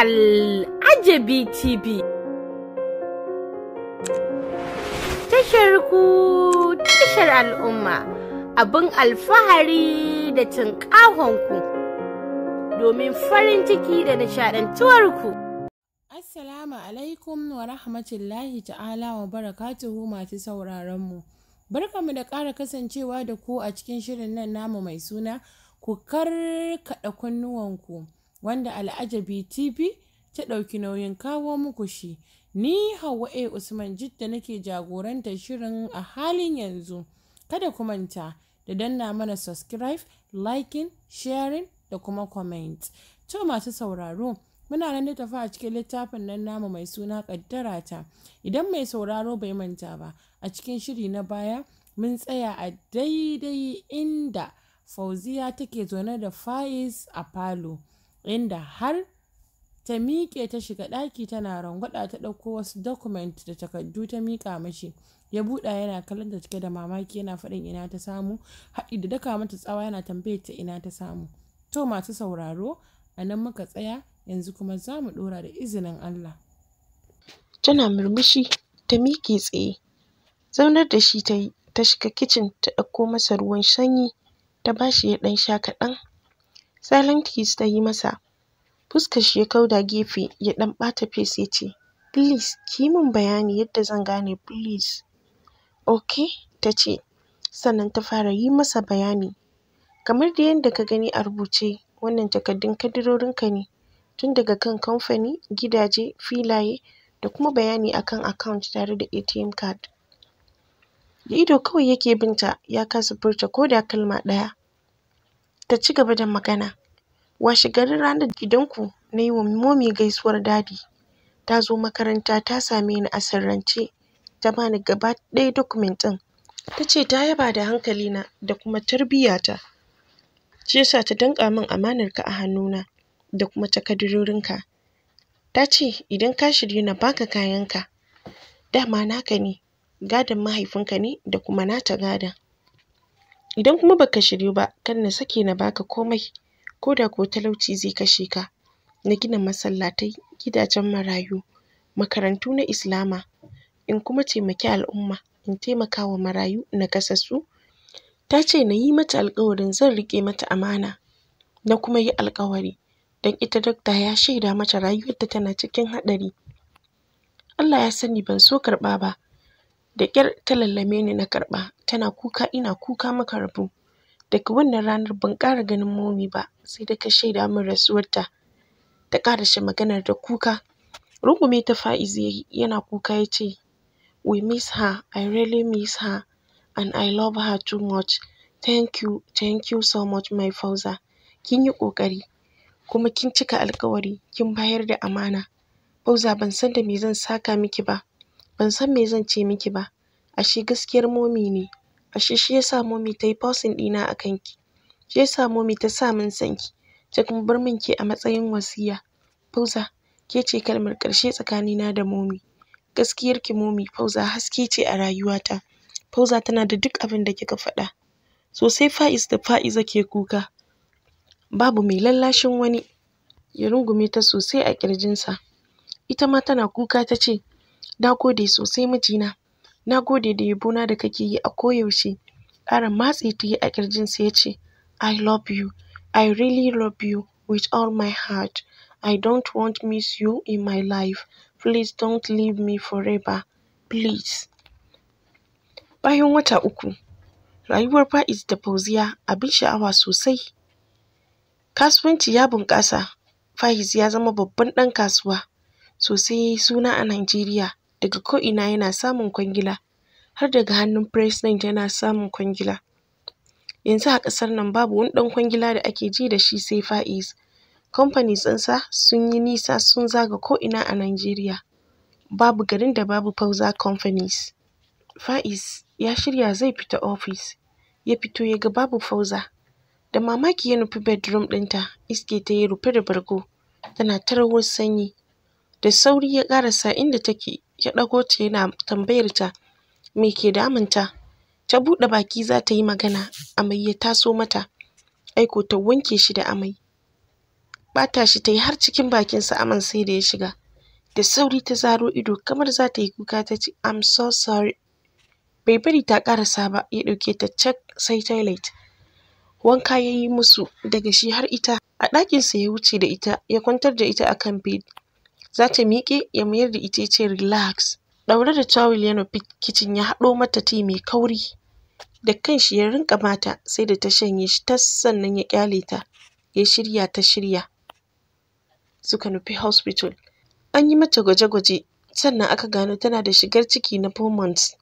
Al'ajabi TV. Tashar ku tashar al'umma abin alfahari da cin ku domin farin ciki da ku. Assalamu alaikum wa rahmatullahi ta'ala wa barakatuhu masu mu Barkamu da ƙara kasancewa da ku a cikin shirin nan namu mai suna ku karkaɗa kunnuwanku. wanda Al'ajabi TV ta ɗauki nauyin kawo muku shi. Ni Hauwa A. Usman Jidda nake jagorantar shirin a halin yanzu. Kada ku manta da danna mana subscribe, liking, sharing da kuma comment. To masu sauraro, muna nan da tafi a cikin littafin nan namu mai suna ƙaddara ta. Idan mai sauraro bai manta ba, a cikin shiri na baya mun tsaya a daidai inda Fauziya take zaune da Faiz a falo. inda har ta miƙe ta shiga ɗaki tana rangwaɗa ta ɗauko wasu dokument da takardu ta miƙa mashi ya buɗa yana kallon ta cike da mamaki yana faɗin ina ta samu haɗi da daka mata tsawa yana tambayar ta ina ta samu to masu sauraro a nan muka tsaya yanzu kuma za mu ɗora da izinin Allah tana murmushi ta miƙe tsaye zaunar da shi ta yi ta shiga kicin ta ɗauko masa ruwan sanyi ta bashi ya ɗan sha kaɗan Silent Kiss ta yi masa, shi ya kauda gefe ya ɗan ɓata face ya ce: "Please ki min bayani yadda zan gane please." "OK," ta ce, sannan ta fara yi masa bayani: "Kamar da yadda ka gani a rubuce, wannan takardun takaddun ka ne, tun daga kan kamfani, gidaje, filaye, da kuma bayani a kan akawunt tare da ATM card." Da ido kawai yake bin ta, ya kasa furta ko da kalma ɗaya. ta ci gaba da magana. Washegarin ranar gidanku na yi wa Momi gaisuwar dadi. Ta zo makaranta ta same ni a sirrance, ta bani gaba ɗaya document ɗin. Ta ce ta yaba da hankali na, da kuma tarbiyyata. Shi yasa ta danƙa min amanarka a hannu na, da kuma ka. Ta ce idan ka shirya na baka kayanka. Dama naka ne, gadon mahaifinka ne da kuma nata gadon. idan kuma baka shiryu ba kar na sake na baka komai ko da kuwa talauci zai kashe ka na gina masallatai gidajen marayu makarantu na islama in kuma taimaki al'umma in taimaka wa marayu na su ta ce na yi mata alƙawarin zan riƙe mata amana na kuma yi alƙawari don ita dakta ya shaida mata rayuwarta tana cikin haɗari Allah ya sani ban so karɓa ba da ƙyar ta lallame ni na karɓa tana kuka ina kuka maka rabu daga wannan ranar ban ƙara ganin momi ba sai da ka shaida min rasuwarta ta ƙara ƙarashe maganar da kuka rungume ta fa'iz yayi yana kuka ya ce we miss her i really miss her and i love her too much thank you thank you so much my fauza kin yi ƙoƙari kuma kin cika alƙawari kin bayar da amana fauza ban san da me zan saka miki ba Ban san me zan ce miki ba. Ashe gaskiyar momi ne. Ashe shi ya sa Mummy ta yi ɗina a kanki. Shi yasa momi ta sa min sanki. ki, ta kuma bar min ke a matsayin wasiya. Fauza, ke ce kalmar ƙarshe tsakanina da momi. Gaskiyarki momi Fauza haske ce a rayuwata. Fauza tana da duk abin da kika faɗa. Sosai Fa'iz da Fa'iza ke kuka. Babu mai lallashin wani. Ya rungume ta sosai a ƙirjinsa. Ita ma tana kuka ta ce, Na gode sosai mijina. Na gode da yabona da kake yi a koyaushe. Ƙara matse ta yi a ƙirjinsa ya ce, I love you. I really love you with all my heart. I don't want to miss you in my life. Please don't leave me forever. Please. Bayan wata uku, rayuwar Fa'iz da Fauziya abin sha'awa sosai. Kasuwanci ya bunƙasa. Fa'iz ya zama babban ɗan kasuwa. sosai suna a Najeriya daga ko'ina yana samun kwangila har daga hannun President yana samun kwangila. Yanzu a ƙasar nan babu wani ɗan kwangila da ake ji da shi sai Faiz. Kamfanin ɗinsa sun yi nisa sun zaga ko'ina a Najeriya. Babu garin da babu fauza Companies. Faiz ya shirya zai fita ofis. Ya fito ya ga babu Fauza. Da mamaki ya nufi bedroom ɗinta, iske ta yi rufe da bargo, tana ta rawar sanyi. Da sauri ya ƙarasa inda take ya ɗago ta yana tambayar ta me ke damunta. Ta buɗe baki za ta yi magana amai ya taso mata. Aiko ta wanke shi da amai. Bata shi ta yi har cikin bakin sa aman sai da ya shiga. Da sauri ta zaro ido kamar za ta yi kuka ta ce I'm so sorry. Bai bari ta ƙarasa ba ya ɗauke ta cak sai toilet. Wanka ya yi musu daga shi har ita. A ɗakinsa ya wuce da ita ya kwantar da ita a kan bed. za ta miƙe ya mayar da ita ce relax ɗaure da tawul ya nufi kicin ya haɗo mata ti mai kauri da kanshi ya rinka mata sai da ta shanye shi tas sannan ya ƙyale ta ya shirya ta shirya suka nufi hospital an yi mata gwaje-gwaje sannan aka gano tana da shigar ciki na four months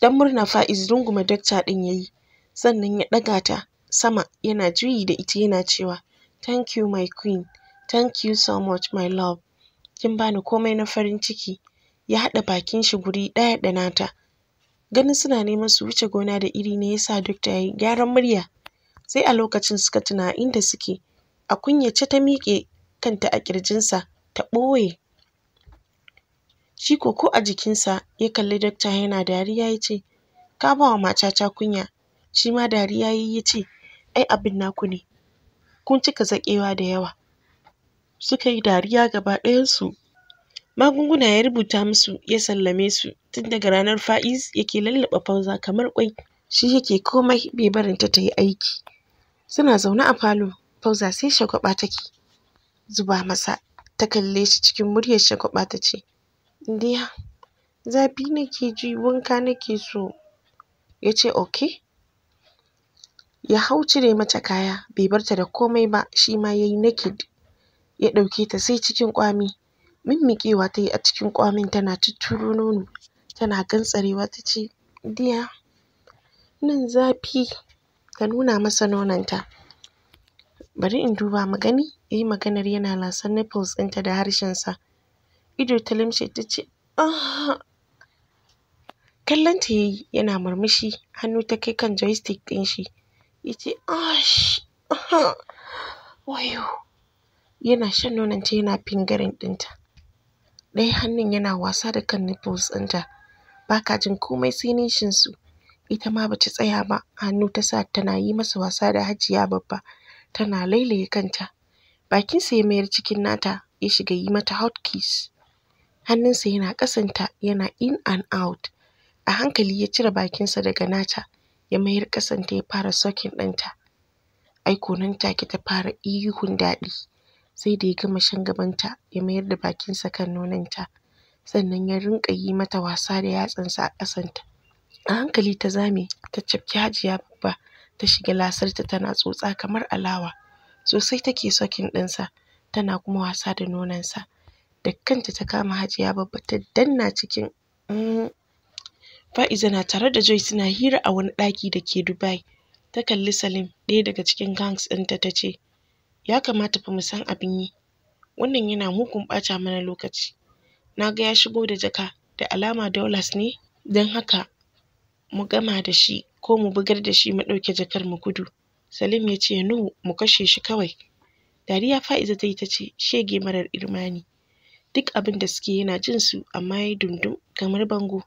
dan murna fa'iz runguma dakta ɗin ya yi sannan ya ɗaga ta sama yana juyi da ita yana cewa thank you my queen Thank you so much my love. Kin bani komai na farin ciki. Ya haɗa bakin shi guri ɗaya da nata. Ganin suna neman su wuce gona da iri ne yasa duk ya yi gyaran murya. Sai a lokacin suka tuna inda suke. A kunyace ta miƙe kanta a ƙirjinsa ta ɓoye. Shi ko a jikinsa ya kalli dokta yana dariya ya ce, Ka ba wa matata kunya. Shi ma dariya ya ya ce, Ai abin naku ne. Kun cika zaƙewa da yawa. suka yi dariya gaba ɗayansu. Magunguna ya rubuta musu ya sallame su tun daga ranar fa'iz yake lallaɓa fauza kamar ƙwai shi yake komai bai barinta ta yi aiki. Suna zaune a falo fauza sai shagwaɓa take zuba masa ta kalle shi cikin muryar shagwaɓa ta ce diya zafi nake ji wanka nake so ya ce ok ya hau cire mata kaya bai barta da komai ba shi ma yayi naked ya ɗauke ta sai cikin ƙwami mimmiƙewa ta yi a cikin ƙwamin tana tutturo nono tana gantsarewa ta ce diya nan zafi ta nuna masa nononta bari in duba mu gani ya yi maganar yana lasan nipples ɗinta da harshensa ido ta limshe ta ce ah kallonta ya yi yana murmushi hannu ta kai kan joystick ɗin shi ya ce ash ah! wayo yana shan nonon nononta yana fingering ɗinta ɗaya hannun yana wasa da kan nipples ɗinta ba jin komai sai nishin su ita ma bata tsaya ba hannu ta sa tana yi masa wasa da hajiya babba tana lailaye kanta bakinsa ya mayar cikin nata ya shiga yi mata hot kiss hannunsa yana ƙasanta yana in and out a hankali ya cire bakinsa daga nata ya mayar ƙasanta ya fara sokin ɗinta aiko nan take ta fara ihun daɗi sai da ya gama shan gabanta ya mayar da bakinsa kan nononta sannan ya rinƙa yi mata wasa da yatsansa a ƙasanta a hankali ta zame ta cafki hajiya babba ta shiga lasarta tana tsotsa kamar alawa sosai take sakin ɗinsa tana kuma wasa da nononsa da kanta ta kama hajiya babba ta danna cikin mm, fa'iza na tare da joy suna hira a wani ɗaki da ke dubai ta kalli salim ɗaya daga cikin gangs ɗinta ta ce ya kamata fa mu san abin yi wannan yana mugun ɓata mana lokaci na ga ya shigo da jaka da alama dollars ne don haka mu gama da shi ko mu bugar da shi mu ɗauke jakar mu gudu salim ya ce nuhu mu kashe shi kawai dariya fa'iza ta yi ta ce shege marar irmani duk abin da suke yana jin su amma ya yi dundum kamar bango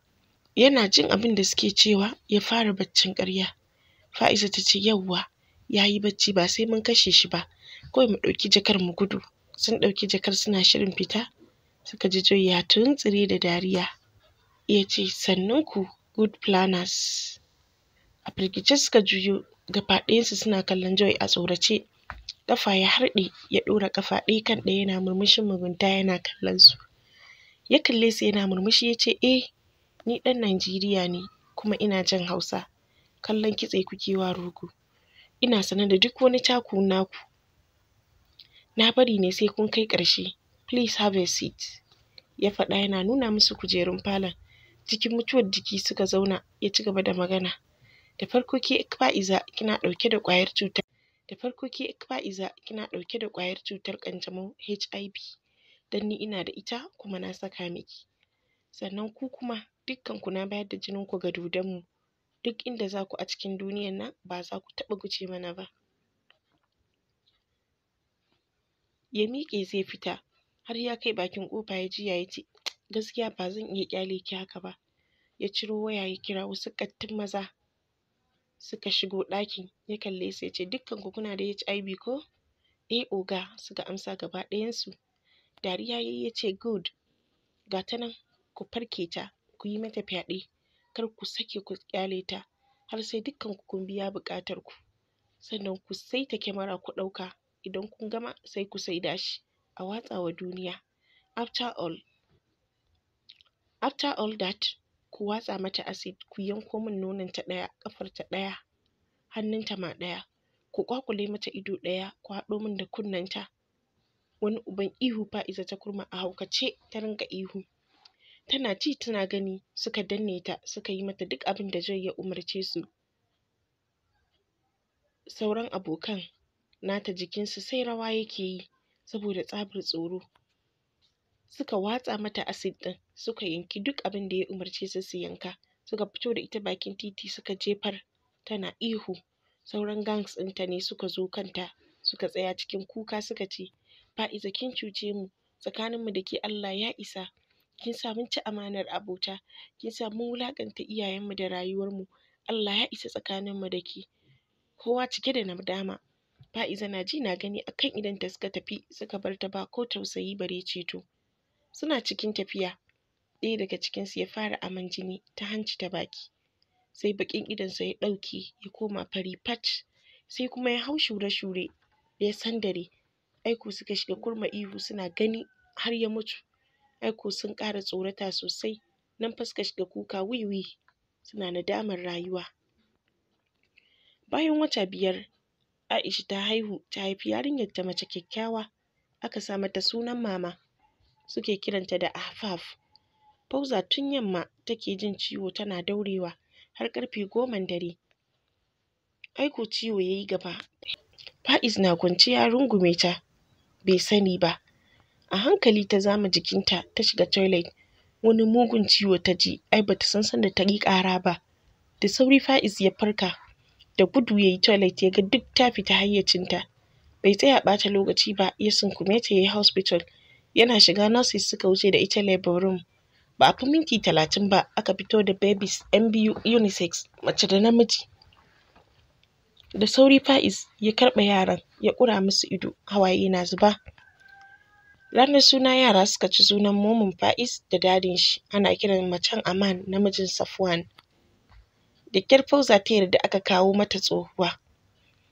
yana jin abin da suke cewa ya fara baccin ƙarya fa'iza ta ce yauwa ya yi bacci ba sai mun kashe shi ba kawai mu ɗauki jakar mu gudu sun ɗauki jakar suna shirin fita suka ji joya tun tsire da dariya ya ce sannan ku good planners a firgice suka juyo gaba suna kallon Joy a tsorace ƙafa ya harɗe ya ɗora ƙafa ɗaya kan ɗaya yana murmushin mugunta yana kallon su ya kalle su yana murmushi ya ce eh ni ɗan Najeriya ne kuma ina jin Hausa kallon kitse kuke wa rogo ina sane da duk wani taku naku na bari ne sai kun kai ƙarshe please have a seat ya faɗa yana nuna musu kujerun falon cikin mutuwar jiki suka zauna ya ci gaba da magana da farko ke fa'iza kina ɗauke da ƙwayar cutar da farko ke fa'iza kina ɗauke da ƙwayar cutar ƙanjamau hiv don ni ina da ita kuma na saka miki sannan ku kuma dukkan ku na bayar da jinin ku ga dodonmu duk inda za ku a cikin duniyan nan ba za ku taɓa guje mana ba ya miƙe zai fita har ya kai bakin ƙofa ya ji ya ce gaskiya ba zan iya ƙyale ki haka ba ya ciro waya ya kira wasu ƙattun maza suka shigo ɗakin ya kalle su ya ce dukkanku kuna da HIV ko eh oga suka amsa gaba ɗayansu dariya yayi ya ce good ga ta nan ku farke ta ku yi mata fyaɗe kar ku sake ku ƙyale ta har sai dukkanku kun biya buƙatar ku sannan ku saita kyamara ku ɗauka idan kun gama sai ku saida shi a watsa duniya after all after all that ku watsa mata acid ku yanko min nonon ta ɗaya ƙafar ta ɗaya hannun ta ma ɗaya ku ƙwaƙule mata ido ɗaya ku haɗo min da kunnen ta wani uban ihu fa'iza ta kurma a haukace ta rinka ihu tana ci tana gani suka danne ta suka yi mata duk abin da zai ya umarce su sauran abokan nata jikinsu sai rawa yake yi saboda tsabar tsoro suka watsa mata asid ɗin suka yanki duk abin da ya umarce su su yanka suka fito da ita bakin titi suka jefar tana ihu sauran gangs ɗinta ne suka zo kanta suka tsaya cikin kuka suka ce fa'iza kin cuce mu tsakaninmu da ke Allah ya isa kin sa mun ci amanar abota kin sa mun wulaƙanta iyayenmu da rayuwarmu Allah ya isa tsakaninmu da ke kowa cike da nadama Fa'iza na ji na gani akan idan ta suka tafi suka bar ta ba ko tausayi bare ceto. Suna cikin tafiya ɗaya daga cikin su ya fara aman jini ta hanci ta baki sai baƙin sa ya ɗauke ya koma fari fat sai kuma ya hau shure-shure ya sandare aiko suka shiga kurma ihu suna gani har ya mutu aiko sun ƙara tsorata sosai nan fa suka shiga kuka wiwi suna nadamar rayuwa bayan wata biyar Aisha ta haihu ta haifi yarinyar ta mace kyakkyawa aka sa mata sunan Mama suke kiranta da Afaf. Fauza tun yamma take jin ciwo tana daurewa har karfe goman dare. Aiko ciwo yayi gaba. Fa'iz na kwanciya rungume ta bai sani ba. A hankali ta zama jikinta ta shiga toilet wani mugun ciwo ta ji ai bata san sanda ta yi ƙara ba. Da sauri Fa'iz ya farka da gudu ya yi toilet ya ga duk ta fita hayyacinta bai tsaya ɓata lokaci ba ya sunkume ta ya yi hospital yana shiga nurses suka wuce da ita labor room ba a fi minti talatin ba aka fito da babies yan biyu unisex mace da namiji da sauri Fa'is ya karɓa yaran ya ƙura musu ido hawaye na zuba ranar suna yara suka ci sunan momin Fa'is, da dadin shi ana kiran macen aman namijin safwan da ƙyar Fauza ta yarda aka kawo mata tsohuwa.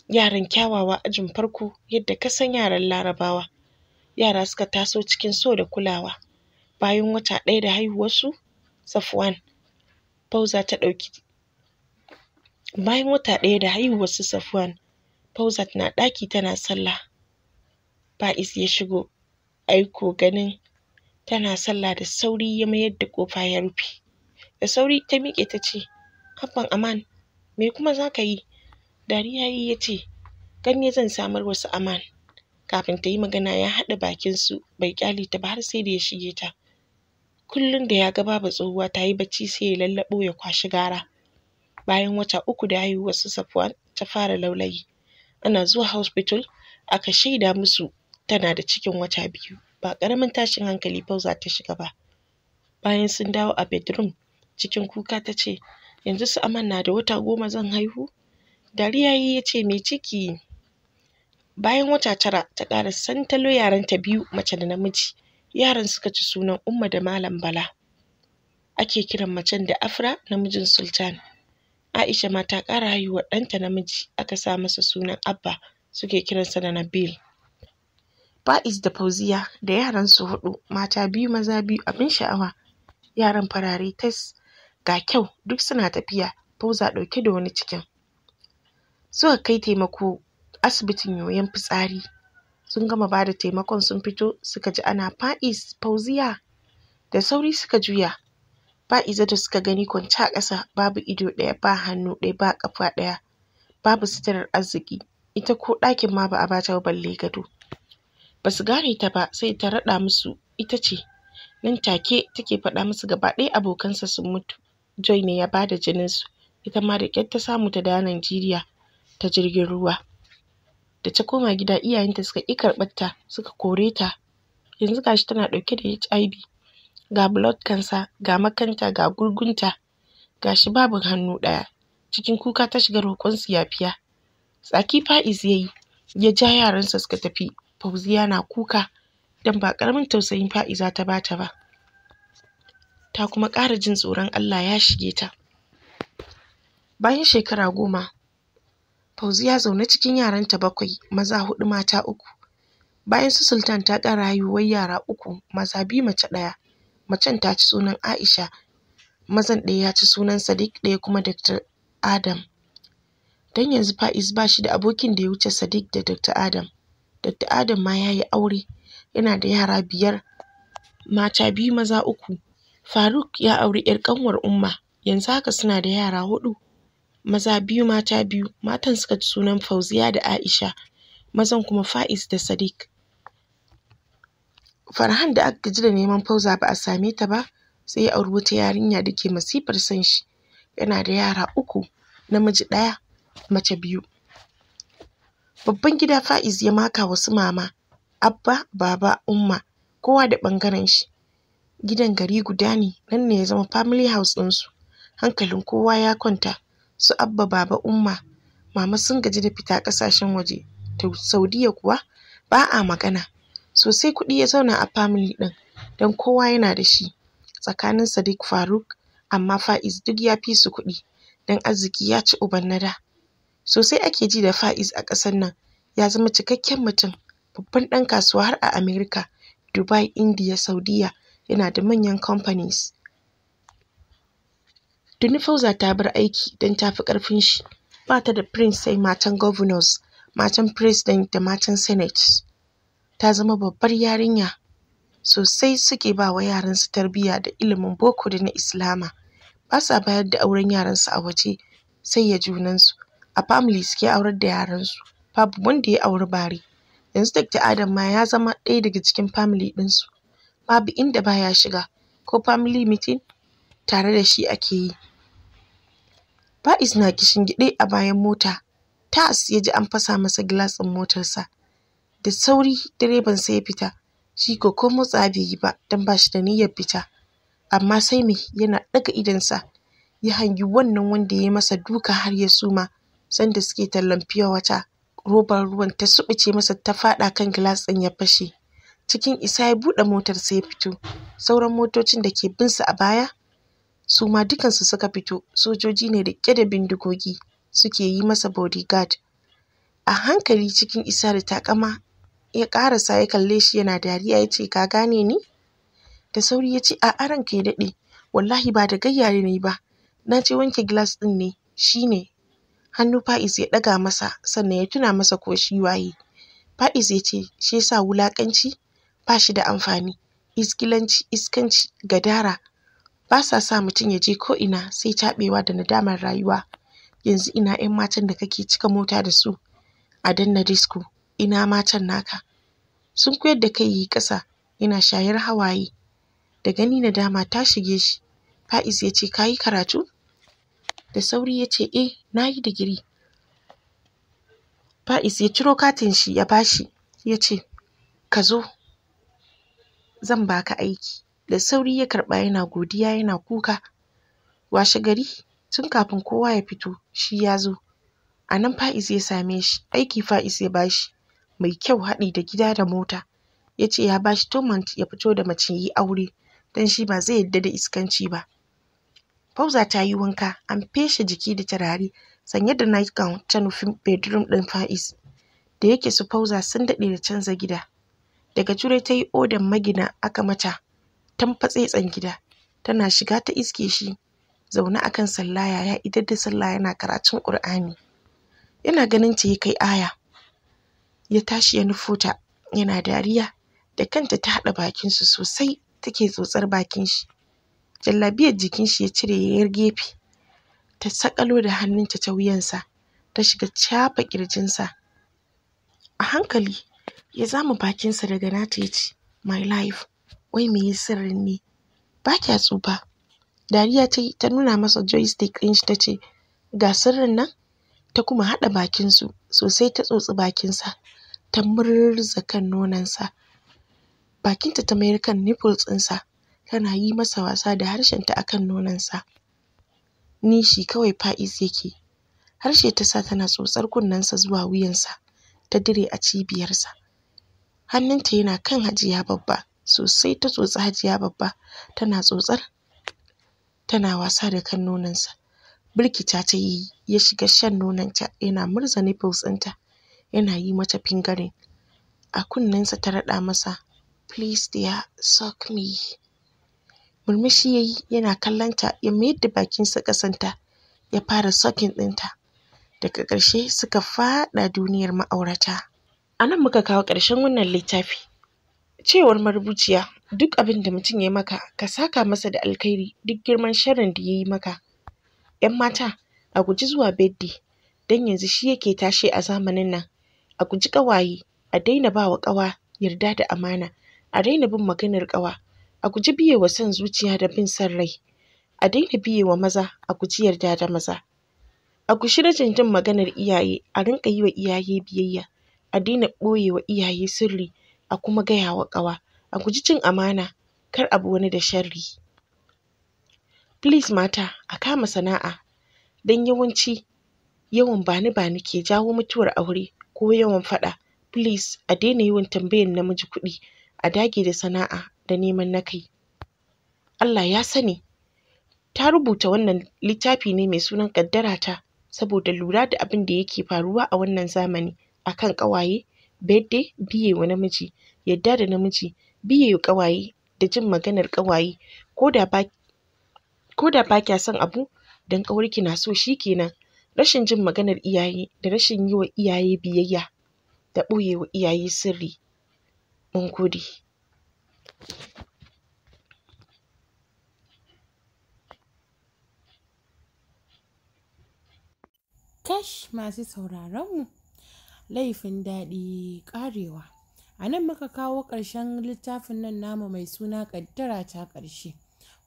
Yaran kyawawa ajin farko yadda ka san yaran larabawa. Yara suka taso cikin so da kulawa. Bayan wata ɗaya da haihuwarsu, Safwan Fauza ta ɗauki bayan wata ɗaya da haihuwarsu Safwan fauza na ɗaki tana sallah. Ba'is ya shigo aiko ganin tana sallah da sauri ya mayar da ƙofa ya rufe. Da sauri ta miƙe ta ce Abban Aman, me kuma za ka yi? Dariya yi ya ce, ganne zan samar wasu Aman. Kafin ta yi magana ya haɗa bakinsu bai ƙyale ta ba har sai da ya shige ta. Kullum da ya ga babu tsohuwa ta yi bacci sai ya lallaɓo ya kwashi gara. Bayan wata uku da haihuwa su Safwan ta fara laulayi. Ana zuwa hospital aka shaida musu tana da cikin wata biyu. Ba ƙaramin tashin hankali Fauza ta shiga ba. Bayan sun dawo a bedroom cikin kuka ta ce yanzu su aman na da wata goma zan haihu dariya yayi ya ce me ciki bayan wata tara ta ƙara santalo ta biyu mace da namiji yaran suka ci sunan umma da malam bala ake kiran macen da afra namijin sultan aisha ma ta ƙara haihuwar ɗanta namiji aka sa masa sunan abba suke kiransa da nabil Fa'iz da Fauziya da yaran su hudu mata biyu maza biyu abin sha'awa yaran farare tas ga kyau duk suna tafiya Fauza ɗauke da wani cikin suka kai taimako asibitin yoyon fitsari sun gama ba da taimakon sun fito suka ji ana faɗi fauziya da sauri suka juya fa'iza da suka gani kwance a ƙasa babu ido ɗaya ba hannu ɗaya ba ƙafa ɗaya babu sitirar arziki ita ko ɗakin ma ba a ba ba balle gado ba su gane ta ba sai ta raɗa musu ita ce nan take take faɗa musu gaba ɗaya abokansa sun mutu Joy ne ya bada su. ita ma da ƙyar ta samu ta dawo Najeriya ta jirgin ruwa. Da ta koma gida iyayenta suka ƙi karɓarta suka kore ta yanzu gashi tana ɗauke da HIV ga blood cancer ga makanta ga gurgunta shi babu hannu ɗaya cikin kuka ta shiga roƙonsu yafiya. Tsaki Fa'iz ya yi ya ja yaransa suka tafi Fauziya na kuka don ba ƙaramin tausayin Fa'iza ta bata ba. ta kuma ƙara jin tsoron Allah ya shige ta. Bayan shekara goma, fauzi ya zaune cikin yaranta bakwai maza huɗu mata uku. Bayan su Sultan ta ƙara haihuwar yara uku maza biyu mace ɗaya. Macen ta ci sunan Aisha, mazan ɗaya ya ci sunan Sadiq ɗaya kuma Dr. Adam. Don yanzu Fa'iz ba shi da abokin da ya wuce Sadiq da Dr. Adam. Dr. Adam ma ya yi aure, yana da yara biyar, mata biyu maza uku. Faruk ya auri 'yar ƙanwar Umma, yanzu haka suna da yara hudu, Maza biyu mata biyu, matan suka ci sunan Fauziya da Aisha, mazan kuma Fa'iz da Sadiq. Farhan da aka gaji da neman Fauza ba a same ta ba, sai ya auri wata yarinya da ke masifar son shi. Yana da yara uku, namiji ɗaya, mace biyu. Babban gida Fa'iz ya maka wasu mama, Abba, Baba, Umma, kowa da ɓangaren shi. gidan gari guda ne nan ne ya zama family house su, hankalin kowa ya kwanta su abba baba umma mama sun gaji da fita ƙasashen waje Ta saudiya kuwa ba a magana sosai kuɗi ya zauna a family ɗin don kowa yana da shi tsakanin sadiq faruk amma fa'iz duk ya fi su kuɗi don arziki ya ci uban nada sosai ake ji da fa'iz a ƙasar nan ya zama cikakken mutum babban ɗan kasuwa har a america dubai india saudiya yana da manyan companies tuni Fauza ta bar aiki don ta fi ƙarfin shi ba ta da prince sai matan governors matan president da matan senate ta zama babbar yarinya sosai suke ba wa yaransu tarbiyya da ilimin boko da na islama ba sa bayar da auren yaransu a waje sai ya junansu a family suke aurar da yaransu babu wanda ya auri bare yanzu Dr. Adam ma ya zama ɗaya daga cikin family ɗinsu babu inda baya shiga ko family meeting tare da shi ake yi Fa'iz na kishingiɗe a bayan mota tas ya ji an fasa masa gilasin motarsa da sauri direban sai ya fita shi ko ko motsa bai yi ba don ba shi da niyyar fita amma sai me yana ɗaga idonsa ya hangi wannan wanda ya yi masa duka har ya suma sanda suke tallan fiya wata robar ruwan ta suɓuce masa ta faɗa kan gilas ya fashe cikin isa ya buɗe motar sai ya fito sauran motocin da ke bin su a baya su ma dukansu suka fito sojoji ne rike da bindigogi suke yi masa bodyguard a hankali cikin isa da takama ya ƙarasa ya kalle shi yana dariya ya ce ka gane ni da sauri ya ce a ka ya daɗe wallahi ba da gayyare ne ba na ce wanke gilas ɗin ne shine hannu Fa'iz ya ɗaga masa sannan ya tuna masa ko shi waye fa'is ya ce shi yasa wulakanci ba shi da amfani iskilanci iskanci gadara ba sa sa mutum ya je ko'ina sai taɓewa da nadamar rayuwa yanzu ina yan matan da kake cika mota da su a danna disco ina matan naka sun koyar da kai yi ƙasa yana shayar hawaye da gani dama ta shige shi Fa'iz ya ce ka karatu da sauri ya ce eh na yi digiri Fa'iz ya ciro katin shi ya bashi ya ce ka zo zan baka aiki da sauri ya karɓa yana godiya yana kuka washe gari tun kafin kowa ya fito shi ya zo a nan Fa'iz ya same shi aiki Fa'iz ya bashi mai kyau haɗi da gida da mota ya ce ya bashi tomant ya fito da mace yi aure don shi ba zai yadda da iskanci ba Fauza ta yi wanka an feshe jiki da turare sanye da nightgown ta nufin bedroom ɗin Fa'iz da yake su Fauza sun daɗe da canza gida daga cure ta yi odan magina aka mata tsan gida tana shiga ta iske shi zaune a kan sallaya ya idar da sallah yana karatun ƙur'ani yana ganin ta ya kai aya ya tashi ya nufo ta yana dariya da kanta ta haɗa su sosai take tsotsar bakin shi jallabiyar jikin shi ya cire ya yar gefe ta sakalo da hannunta ta wuyansa ta shiga cafa ƙirjinsa a hankali ya zama bakinsa daga nata ya ce my life wai me yi sirrin ne ba kya tsufa dariya ta ta nuna masa joystick ɗin shi ta ce ga sirrin nan ta kuma haɗa bakinsu sosai ta tsotsi bakinsa ta murza kan nonansa bakinta ta mayar kan nipples ɗinsa tana yi masa wasa da harshenta akan nonansa nishi kawai fa'is yake harshe ta sa tana tsotsar kunnensa zuwa wuyansa ta dire a cibiyarsa hannunta yana kan hajiya babba sosai ta tsotsi hajiya babba tana tsotsar tana wasa da kan nononsa birkita ta yi ya shiga shan nononta yana murza nipples ɗinta yana yi mata fingering a kunnensa ta raɗa masa please dear suck me murmushi ya yi yana kallonta ya mayar da bakinsa ƙasanta ya fara sucking ɗinta daga ƙarshe suka faɗa duniyar ma'aurata a nan muka kawo ƙarshen wannan littafi cewar marubuciya duk abin da mutum ya maka ka saka masa da alkhairi duk girman sharrin da ya yi maka ‘yan mata a guji zuwa beddi don yanzu shi yake tashe a zamanin nan a guji ƙawaye a daina ba wa ƙawa yarda da amana a daina bin maganar ƙawa a guji biye wa son zuciya da bin son rai a daina biye wa maza a guji yarda da maza a guji rajin jin maganar iyaye a rinƙa yi wa iyaye biyayya a daina ɓoyewa iyaye sirri a kuma gaya wa ƙawa a guji cin amana kar a bi wani da sharri please mata a kama sana'a dan yawanci yawan bani bani ke jawo mutuwar aure ko yawan faɗa please a daina yawan tambayan namiji kuɗi a dage da sana'a da neman na kai Allah ya sani ta rubuta wannan littafi ne mai sunan ƙaddara ta saboda lura da abinda yake faruwa a wannan zamani akan ƙawaye da yadda wa namiji yadda da namiji wa ƙawaye da jin maganar ƙawaye koda ba ba kya son abu dan ki na so shi kenan, rashin jin maganar iyaye da rashin yiwa iyaye biyayya da ɓoye wa iyaye sirri mun gode Kash masu sauraronmu laifin daɗi ƙarewa. A nan muka kawo ƙarshen littafin nan namu mai suna ƙaddara ta ƙarshe.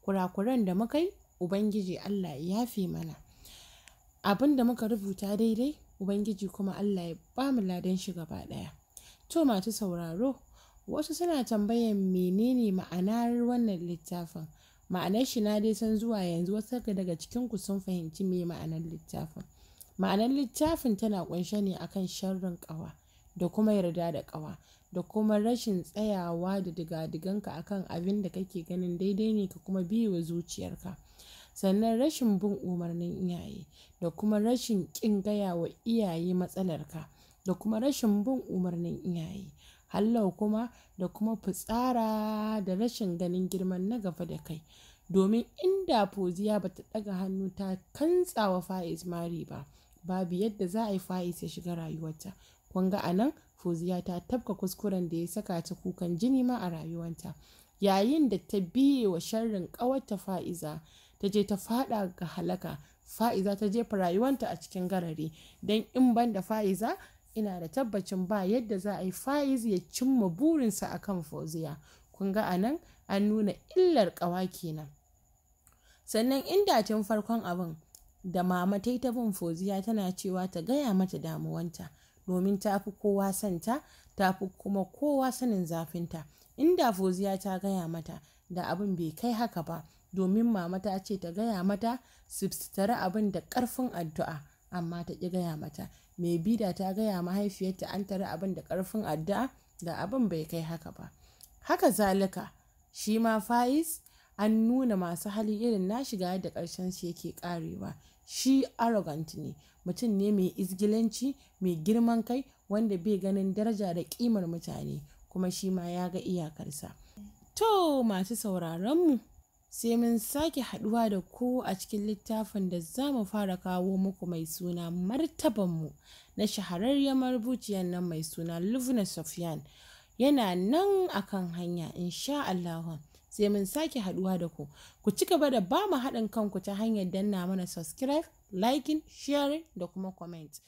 Kurakuran da muka yi, Ubangiji Allah ya fi mana. Abin da muka rubuta daidai, Ubangiji kuma Allah ya ba mu ladan shi gaba ɗaya. To masu sauraro, wasu suna tambayan menene ma'anar wannan littafin. Ma'anar shi na dai san zuwa yanzu wasu daga cikin ku sun fahimci me ma'anar littafin. Ma'anar littafin tana ƙunshe ne akan sharrin ƙawa da kuma yarda da ƙawa, da kuma rashin tsayawa da diga-diganka a abin da kake ganin daidai ne ka kuma wa zuciyarka. Sannan rashin bin umarnin iyaye da kuma rashin ƙin gaya wa iyaye matsalarka da kuma rashin bin umarnin iyaye. Hallau kuma da kuma fitsara da rashin ganin girman na gaba da kai. Domin inda foziya bata ba ta ɗaga hannu ta kantsawa Faiz mari ba, babu yadda za a yi fayi ya shiga rayuwarta. Kun ga a nan ta tafka kuskuren da ya saka ta kukan jini ma a rayuwarta. Yayin da ta biye wa sharrin ƙawarta Fa'iza ta je ta faɗa ga halaka. Fa'iza ta jefa rayuwarta a cikin garare Dan in ban da Fa'iza ina da tabbacin ba yadda za a yi Faiz ya cimma burinsa a kan Fauziya. Kun ga a an nuna illar ƙawa kenan. Sannan inda tun farkon abin da mama ta yi ta bin foziya tana cewa ta gaya mata damuwanta domin ta fi kowa santa ta fi kuma kowa sanin zafinta inda foziya ta gaya mata da abin bai kai haka ba domin mama ta ce ta gaya mata su tara abin da ƙarfin addu'a amma ta ƙi gaya mata mai bida ta gaya mahaifiyarta an tara abin da karfin addu'a da abin bai kai haka ba haka zalika shi ma faiz an nuna masu hali irin nashi da ƙarshen su yake ƙarewa. Shi arrogant ne, mutum ne mai izgilanci, mai girman kai wanda bai ganin daraja da ƙimar mutane kuma shi ma ya ga iyakarsa. To masu sauraronmu sai mun sake haɗuwa da ku a cikin littafin da za mu fara kawo muku mai suna martabanmu na shahararriyar marubuciyar nan mai suna luvna Sofyan yana nan akan hanya insha Allahun. sai mun sake haduwa da ku ku ci gaba da ba mu haɗin kanku ta hanyar danna mana subscribe liking sharing da kuma comment